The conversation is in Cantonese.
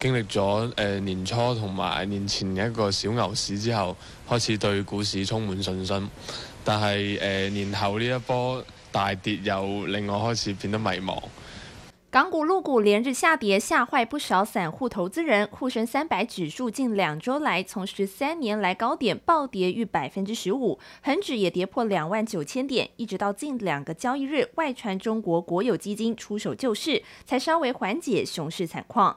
經歷咗誒、呃、年初同埋年前一個小牛市之後，開始對股市充滿信心。但係誒、呃、年後呢一波大跌，又令我開始變得迷茫。港股陸股連日下跌，嚇壞不少散戶投資人。滬深三百指數近兩周來從十三年來高點暴跌逾百分之十五，恒指也跌破兩萬九千點，一直到近兩個交易日外傳中國國有基金出手救市，才稍微緩解熊市慘況。